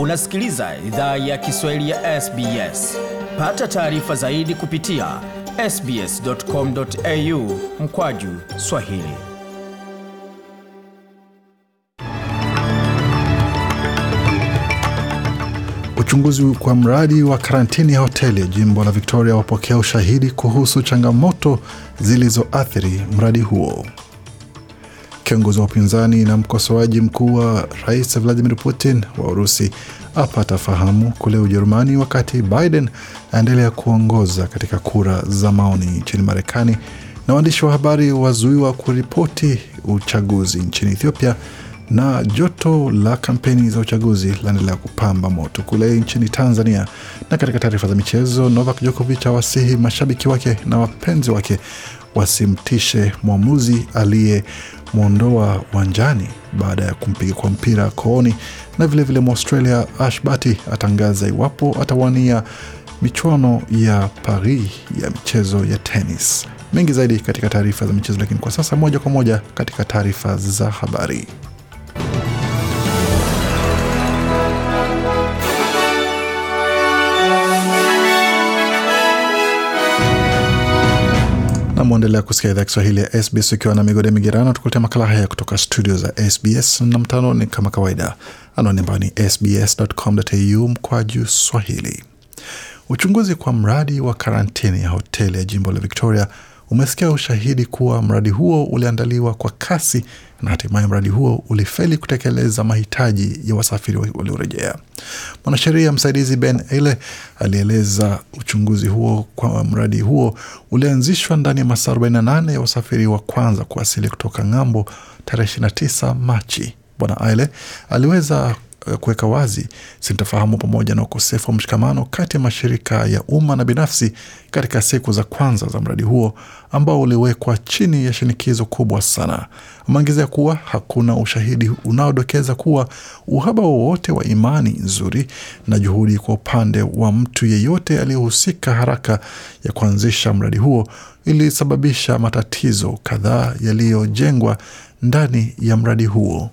Unasikiliza idhaa ya Kiswahili ya SBS. Pata taarifa zaidi kupitia sbs.com.au mkwaju Swahili. Uchunguzi kwa mradi wa karantini ya hoteli jimbo la Victoria wapokea ushahidi kuhusu changamoto zilizoathiri mradi huo. Kiongozi wa upinzani na mkosoaji mkuu wa rais Vladimir Putin wa Urusi apata fahamu kule Ujerumani, wakati Biden aendelea kuongoza katika kura za maoni nchini Marekani, na waandishi wa habari wazuiwa kuripoti uchaguzi nchini Ethiopia, na joto la kampeni za uchaguzi laendelea kupamba moto kule nchini Tanzania. Na katika taarifa za michezo, Novak Djokovic awasihi mashabiki wake na wapenzi wake wasimtishe mwamuzi aliye kumwondoa uwanjani baada ya kumpiga kwa mpira kooni, na vilevile Mwaustralia ashbati atangaza iwapo atawania michuano ya Paris ya michezo ya tenis. Mengi zaidi katika taarifa za michezo, lakini kwa sasa moja kwa moja katika taarifa za habari. mwaendelea kusikia idhaa Kiswahili ya SBS ukiwa na migode migerano, tukuletea makala haya kutoka studio za SBS na mtanoni kama kawaida, anwani ambayo ni sbs.com.au juu swahili. Uchunguzi kwa mradi wa karantini ya hoteli ya jimbo la Victoria umesikia ushahidi kuwa mradi huo uliandaliwa kwa kasi na hatimaye mradi huo ulifeli kutekeleza mahitaji ya wasafiri waliorejea. Mwanasheria msaidizi Ben Eile alieleza uchunguzi huo kwa mradi huo ulianzishwa ndani ya masaa 48 ya wasafiri wa kwanza kuwasili kutoka ng'ambo tarehe 29 Machi. Bwana Aile aliweza Eh, kuweka wazi sintofahamu pamoja na ukosefu wa mshikamano kati ya mashirika ya umma na binafsi katika siku za kwanza za mradi huo ambao uliwekwa chini ya shinikizo kubwa sana. Ameongezea kuwa hakuna ushahidi unaodokeza kuwa uhaba wowote wa imani nzuri na juhudi kwa upande wa mtu yeyote aliyehusika haraka ya kuanzisha mradi huo ilisababisha matatizo kadhaa yaliyojengwa ndani ya mradi huo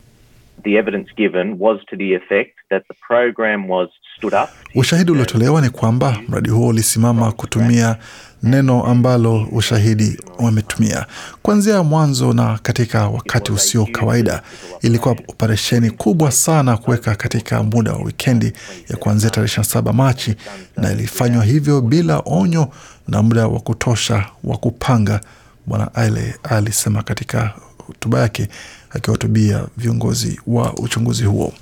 the evidence given was to the effect that the program was stood up. Ushahidi uliotolewa ni kwamba mradi huo ulisimama kutumia neno ambalo ushahidi wametumia kuanzia mwanzo na katika wakati usio kawaida. Ilikuwa operesheni kubwa sana kuweka katika muda wa wikendi ya kuanzia tarehe 27 Machi, na ilifanywa hivyo bila onyo na muda wa kutosha wa kupanga, Bwana Ale alisema katika hotuba yake akiwahutubia viongozi wa uchunguzi huo.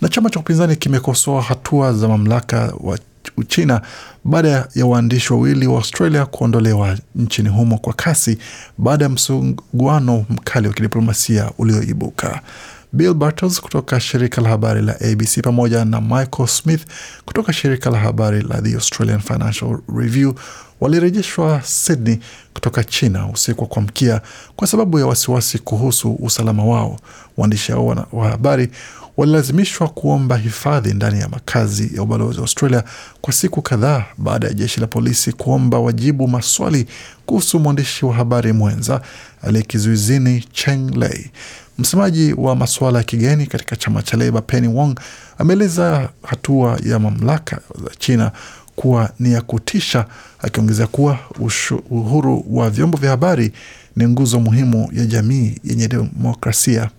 Na chama cha upinzani kimekosoa hatua za mamlaka wa Uchina baada ya waandishi wawili wa Australia kuondolewa nchini humo kwa kasi baada ya msuguano mkali wa kidiplomasia ulioibuka. Bill Bartels kutoka shirika la habari la ABC pamoja na Michael Smith kutoka shirika la habari la The Australian Financial Review walirejeshwa Sydney kutoka China usiku wa kuamkia kwa sababu ya wasiwasi kuhusu usalama wao. Waandishi hao wa habari walilazimishwa kuomba hifadhi ndani ya makazi ya ubalozi wa Australia kwa siku kadhaa baada ya jeshi la polisi kuomba wajibu maswali kuhusu mwandishi wa habari mwenza aliyekizuizini Cheng Lei. Msemaji wa masuala ya kigeni katika chama cha Leba Penny Wong ameeleza hatua ya mamlaka za China kuwa ni ya kutisha, akiongezea kuwa ushu, uhuru wa vyombo vya habari ni nguzo muhimu ya jamii yenye demokrasia.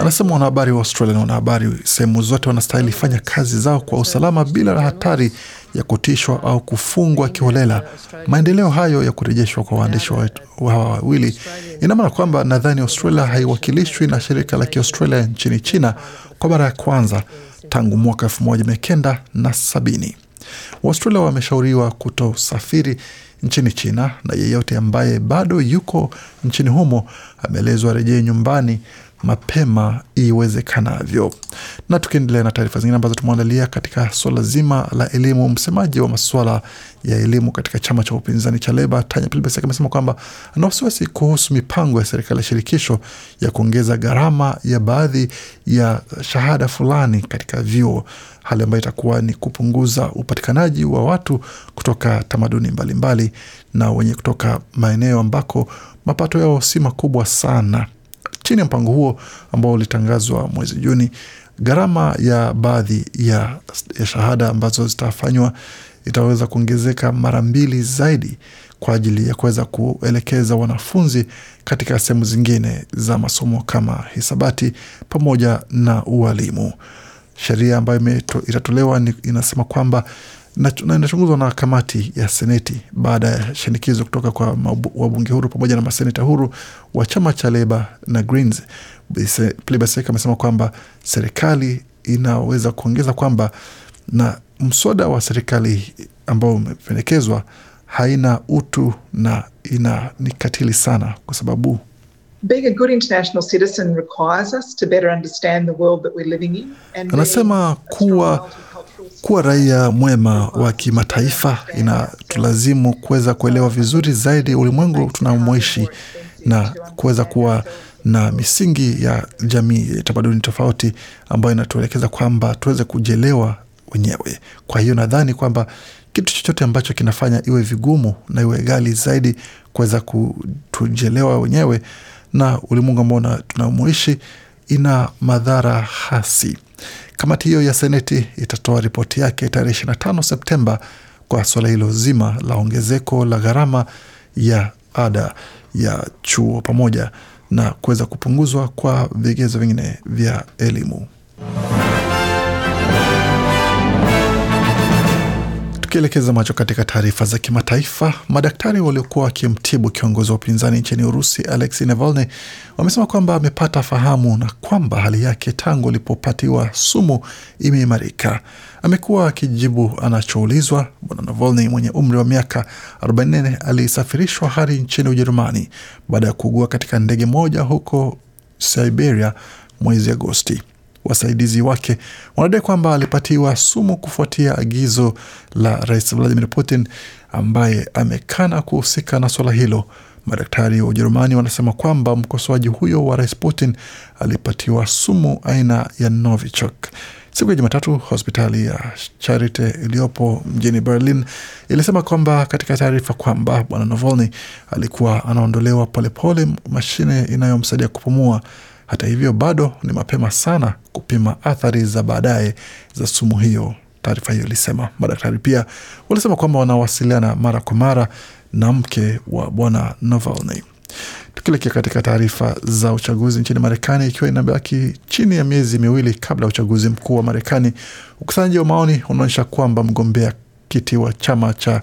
Anasema wanahabari wa Australia na wanahabari sehemu zote wanastahili fanya kazi zao kwa usalama bila hatari ya kutishwa au kufungwa kiholela. Maendeleo hayo ya kurejeshwa kwa waandishi hawa wawili ina maana kwamba nadhani Australia haiwakilishwi na shirika la Kiaustralia nchini China kwa mara ya kwanza tangu mwaka 1970 waustralia wameshauriwa kutosafiri nchini China na yeyote ambaye bado yuko nchini humo ameelezwa rejee nyumbani mapema iwezekanavyo. Na tukiendelea na taarifa zingine ambazo tumeandalia katika swala zima la elimu, msemaji wa masuala ya elimu katika chama cha upinzani cha Leba, Tanya Plibersek, amesema kwamba ana wasiwasi kuhusu mipango ya serikali ya shirikisho ya kuongeza gharama ya baadhi ya shahada fulani katika vyuo, hali ambayo itakuwa ni kupunguza upatikanaji wa watu kutoka tamaduni mbalimbali mbali, na wenye kutoka maeneo ambako mapato yao si makubwa sana Chini ya mpango huo ambao ulitangazwa mwezi Juni, gharama ya baadhi ya, ya shahada ambazo zitafanywa itaweza kuongezeka mara mbili zaidi kwa ajili ya kuweza kuelekeza wanafunzi katika sehemu zingine za masomo kama hisabati pamoja na ualimu. Sheria ambayo itatolewa inasema kwamba inachunguzwa na kamati ya Seneti baada ya shinikizo kutoka kwa wabunge huru pamoja na maseneta huru wa chama cha Leba na Greens. amesema kwamba serikali inaweza kuongeza kwamba na mswada wa serikali ambao umependekezwa haina utu na ina ni katili sana kwa sababu anasema kuwa kuwa raia mwema wa kimataifa inatulazimu kuweza kuelewa vizuri zaidi ulimwengu tunamoishi na kuweza kuwa na misingi ya jamii ya tamaduni tofauti ambayo inatuelekeza kwamba tuweze kujielewa wenyewe. Kwa hiyo nadhani kwamba kitu chochote ambacho kinafanya iwe vigumu na iwe ghali zaidi kuweza kutujielewa wenyewe na ulimwengu ambao tunamoishi ina madhara hasi. Kamati hiyo ya Seneti itatoa ripoti yake tarehe 25 Septemba kwa suala hilo zima la ongezeko la gharama ya ada ya chuo pamoja na kuweza kupunguzwa kwa vigezo vingine vya elimu. Tukielekeza macho katika taarifa za kimataifa, madaktari waliokuwa wakimtibu kiongozi wa upinzani nchini Urusi Alexei Navalny wamesema kwamba amepata fahamu na kwamba hali yake tangu alipopatiwa sumu imeimarika. Amekuwa akijibu anachoulizwa. Bwana Navalny mwenye umri wa miaka 44 alisafirishwa hadi nchini Ujerumani baada ya kuugua katika ndege moja huko Siberia mwezi Agosti wasaidizi wake wanadai kwamba alipatiwa sumu kufuatia agizo la Rais Vladimir Putin ambaye amekana kuhusika na swala hilo. Madaktari wa Ujerumani wanasema kwamba mkosoaji huyo wa Rais Putin alipatiwa sumu aina ya Novichok. Siku ya Jumatatu, hospitali ya Charite iliyopo mjini Berlin ilisema kwamba katika taarifa kwamba bwana Navalny alikuwa anaondolewa polepole mashine inayomsaidia kupumua hata hivyo, bado ni mapema sana kupima athari za baadaye za sumu hiyo, taarifa hiyo ilisema. Madaktari pia walisema kwamba wanawasiliana mara kwa mara na mke wa bwana Navalny. Tukielekea katika taarifa za uchaguzi nchini Marekani, ikiwa inabaki chini ya miezi miwili kabla ya uchaguzi mkuu wa Marekani, ukusanyaji wa maoni unaonyesha kwamba mgombea kiti wa chama cha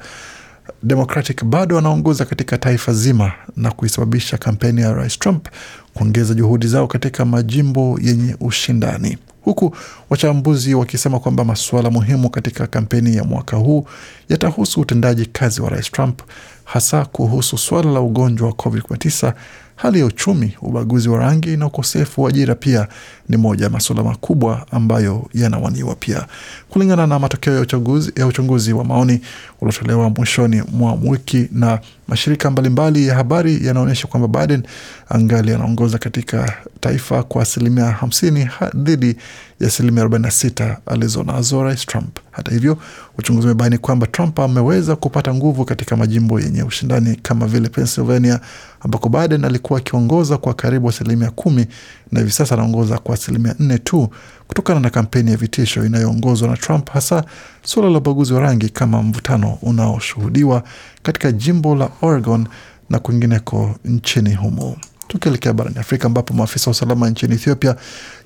Democratic bado anaongoza katika taifa zima na kuisababisha kampeni ya rais Trump kuongeza juhudi zao katika majimbo yenye ushindani, huku wachambuzi wakisema kwamba masuala muhimu katika kampeni ya mwaka huu yatahusu utendaji kazi wa Rais Trump, hasa kuhusu suala la ugonjwa wa COVID-19, hali ya uchumi, ubaguzi wa rangi na ukosefu wa ajira pia ni moja ya masuala makubwa ambayo yanawaniwa pia, kulingana na matokeo ya uchunguzi, ya uchunguzi wa maoni uliotolewa mwishoni mwa wiki na Mashirika mbalimbali ya habari yanaonyesha kwamba Biden angali anaongoza katika taifa kwa asilimia hamsini dhidi ya asilimia 46 na alizonazo Rais Trump. Hata hivyo, uchunguzi umebaini kwamba Trump ameweza kupata nguvu katika majimbo yenye ushindani kama vile Pennsylvania, ambako Biden alikuwa akiongoza kwa karibu asilimia kumi na hivi sasa anaongoza kwa asilimia nne tu kutokana na kampeni ya vitisho inayoongozwa na Trump, hasa suala la ubaguzi wa rangi kama mvutano unaoshuhudiwa katika jimbo la Oregon na kwingineko nchini humo. Tukielekea barani Afrika ambapo maafisa wa usalama nchini Ethiopia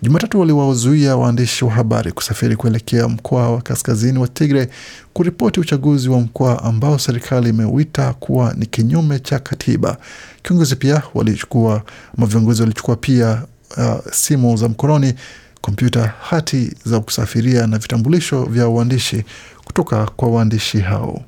Jumatatu waliwazuia waandishi wa habari kusafiri kuelekea mkoa wa kaskazini wa Tigre kuripoti uchaguzi wa mkoa ambao serikali imeuita kuwa ni kinyume cha katiba. Kiongozi pia walichukua maviongozi walichukua pia uh, simu za mkononi kompyuta, hati za kusafiria na vitambulisho vya uandishi kutoka kwa waandishi hao.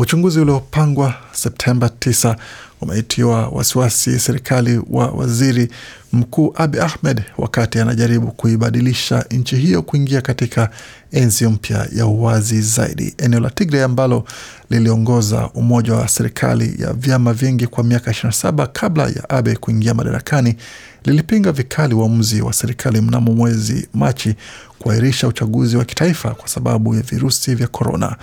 Uchunguzi uliopangwa Septemba 9 umeitiwa wasiwasi serikali wa waziri mkuu Abi Ahmed wakati anajaribu kuibadilisha nchi hiyo kuingia katika enzi mpya ya uwazi zaidi. Eneo la tigre ambalo liliongoza umoja wa serikali ya vyama vingi kwa miaka 27 kabla ya Abe kuingia madarakani lilipinga vikali uamuzi wa, wa serikali mnamo mwezi Machi kuahirisha uchaguzi wa kitaifa kwa sababu ya virusi vya korona.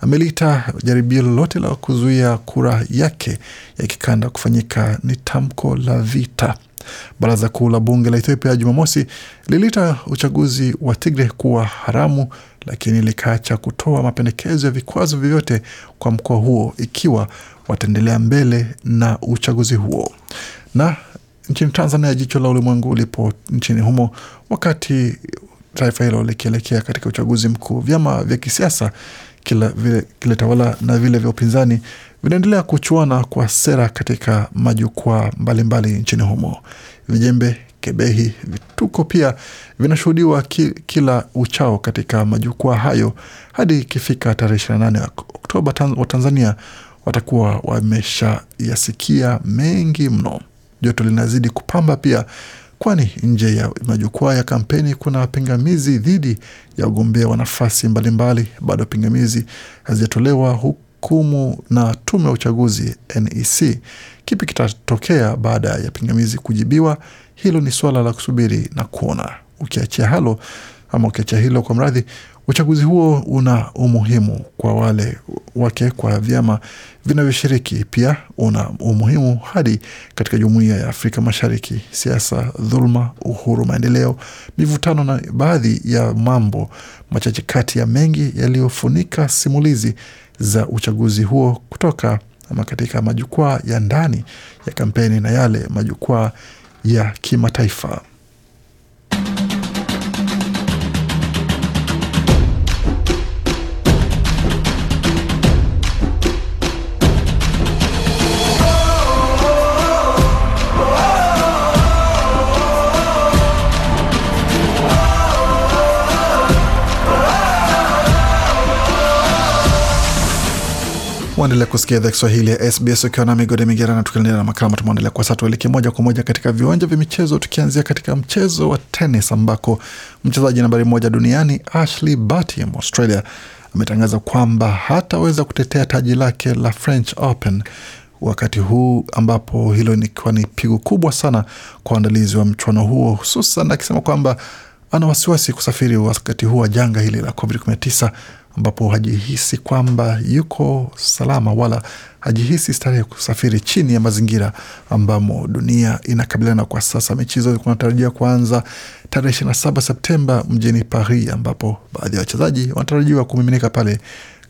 Ameliita jaribio lolote la kuzuia kura yake ya kikanda kufanyika ni tamko la vita. Baraza kuu la bunge la Ethiopia Jumamosi liliita uchaguzi wa Tigre kuwa haramu, lakini likaacha kutoa mapendekezo ya vikwazo vyovyote kwa mkoa huo ikiwa wataendelea mbele na uchaguzi huo. Na nchini Tanzania, jicho la ulimwengu ulipo nchini humo wakati taifa hilo likielekea katika uchaguzi mkuu. Vyama vya kisiasa kila vile, kile tawala na vile vya upinzani vinaendelea kuchuana kwa sera katika majukwaa mbalimbali nchini humo. Vijembe, kebehi, vituko pia vinashuhudiwa ki, kila uchao katika majukwaa hayo hadi ikifika tarehe 28 Oktoba wa Tanzania watakuwa wameshayasikia mengi mno. Joto linazidi kupamba pia, kwani nje ya majukwaa ya kampeni kuna pingamizi dhidi ya wagombea wa nafasi mbalimbali. Bado pingamizi hazijatolewa hukumu na tume ya uchaguzi NEC. Kipi kitatokea baada ya pingamizi kujibiwa? Hilo ni suala la kusubiri na kuona. Ukiachia halo ama ukiachia hilo kwa mradhi, Uchaguzi huo una umuhimu kwa wale wake kwa vyama vinavyoshiriki, pia una umuhimu hadi katika jumuiya ya Afrika Mashariki. Siasa, dhuluma, uhuru, maendeleo, mivutano na baadhi ya mambo machache kati ya mengi yaliyofunika simulizi za uchaguzi huo kutoka ama katika majukwaa ya ndani ya kampeni na yale majukwaa ya kimataifa. Waendelea kusikia idhaa Kiswahili ya SBS ukiwa na migode migerana, tukiendelea na makala tumeandalia kwa sasa. Tuelekee moja kwa moja katika viwanja vya michezo, tukianzia katika mchezo wa tenis ambako mchezaji nambari moja duniani Ashley Barty Australia ametangaza kwamba hataweza kutetea taji lake la French Open wakati huu ambapo hilo ikiwa ni pigo kubwa sana kwa waandalizi wa mchuano huo, hususan akisema kwamba ana wasiwasi kusafiri wakati huu wa janga hili la COVID-19 ambapo hajihisi kwamba yuko salama wala hajihisi starehe kusafiri chini ya mazingira ambamo dunia inakabiliana kwa sasa. Michezo kunatarajia kuanza tarehe 27 Septemba mjini Paris, ambapo baadhi ya wachezaji wanatarajiwa kumiminika pale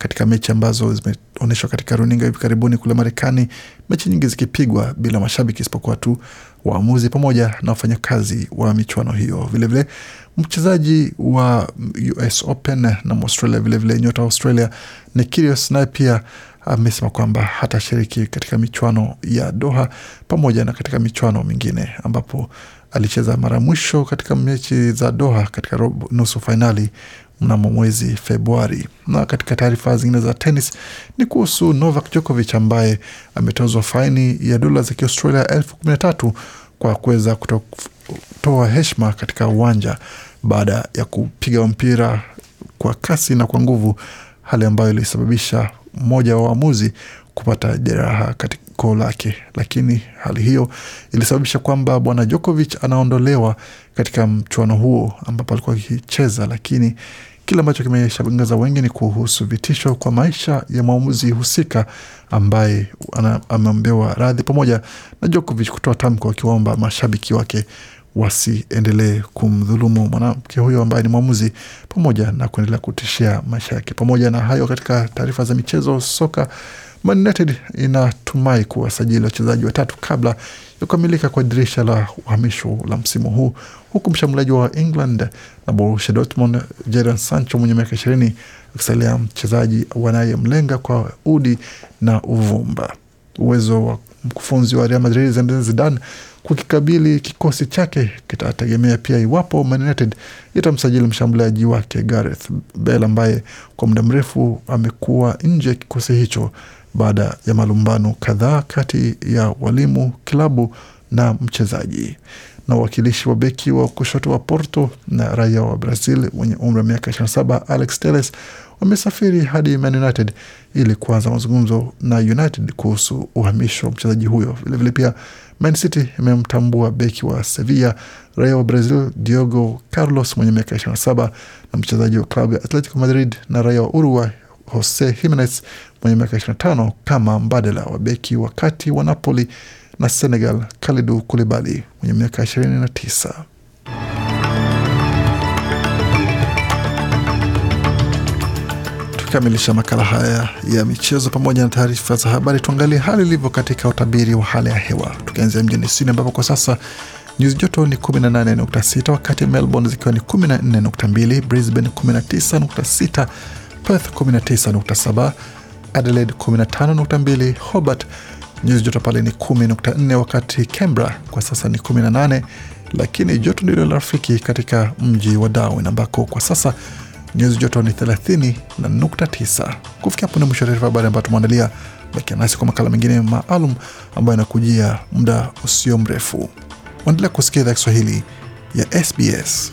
katika mechi ambazo zimeonyeshwa katika runinga hivi karibuni kule Marekani, mechi nyingi zikipigwa bila mashabiki isipokuwa tu waamuzi pamoja na wafanyakazi wa michuano hiyo. Vilevile mchezaji wa US Open na Australia vilevile nyota wa Australia ni Kyrgios naye pia amesema kwamba hatashiriki katika michuano ya Doha pamoja na katika michuano mingine ambapo alicheza mara mwisho katika mechi za Doha katika nusu fainali mnamo mwezi Februari. Na katika taarifa zingine za tenis ni kuhusu Novak Djokovic ambaye ametozwa faini ya dola za Kiaustralia elfu kumi na tatu kwa kuweza kutoa heshima katika uwanja baada ya kupiga mpira kwa kasi na kwa nguvu, hali ambayo ilisababisha mmoja wa waamuzi kupata jeraha katika koo lake, lakini hali hiyo ilisababisha kwamba bwana Djokovic anaondolewa katika mchuano huo ambapo alikuwa akicheza, lakini Kile ambacho kimeshangaza wengi ni kuhusu vitisho kwa maisha ya mwamuzi husika ambaye ameombewa radhi pamoja na Djokovic kutoa tamko akiwaomba mashabiki wake wasiendelee kumdhulumu mwanamke huyo ambaye ni mwamuzi pamoja na kuendelea kutishia maisha yake. Pamoja na hayo, katika taarifa za michezo soka, Man United inatumai kuwasajili wachezaji watatu kabla ya kukamilika kwa dirisha la uhamisho la msimu huu, huku mshambuliaji wa England na Borussia Dortmund Jadon Sancho mwenye miaka ishirini akisalia mchezaji wanayemlenga kwa udi na uvumba. Uwezo wa mkufunzi wa Real Madrid Zinedine Zidane kukikabili kikosi chake kitategemea pia iwapo Man United itamsajili mshambuliaji wake Gareth Bale ambaye kwa muda mrefu amekuwa nje ya kikosi hicho baada ya malumbano kadhaa kati ya walimu, klabu na mchezaji na uwakilishi wa beki wa kushoto wa Porto na raia wa Brazil wenye umri wa miaka 27 Alex Teles wamesafiri hadi Man United ili kuanza mazungumzo na United kuhusu uhamisho wa mchezaji huyo. Vilevile pia Man City imemtambua beki wa Sevilla raia wa Brazil Diogo Carlos mwenye miaka 27 na mchezaji wa klabu ya Atletico Madrid na raia wa Uruguay Jose Jimenez mwenye miaka 25 kama mbadala wa beki wa kati wa Napoli na Senegal kalidu Kulibali mwenye miaka 29. Kamilisha makala haya ya michezo pamoja na taarifa za habari, tuangalie hali ilivyo katika utabiri wa hali ya hewa, tukianzia mjini Sydney ambapo kwa sasa nyuzi joto ni 18.6, wakati Melbourne zikiwa ni 14.2, Brisbane 19.6, Perth 19.7, Adelaide 15.2, Hobart Nyuzi joto pale ni 14 wakati Canberra kwa sasa ni 18, lakini joto ndilo la rafiki katika mji wa Darwin ambako kwa sasa nyuzi joto ni 30 na 9. Kufikia hapo ni mwisho wa taarifa habari ambayo tumeandalia. Bakia nasi kwa makala mengine maalum ambayo inakujia muda usio mrefu. Waendelea kusikia idhaa Kiswahili ya SBS.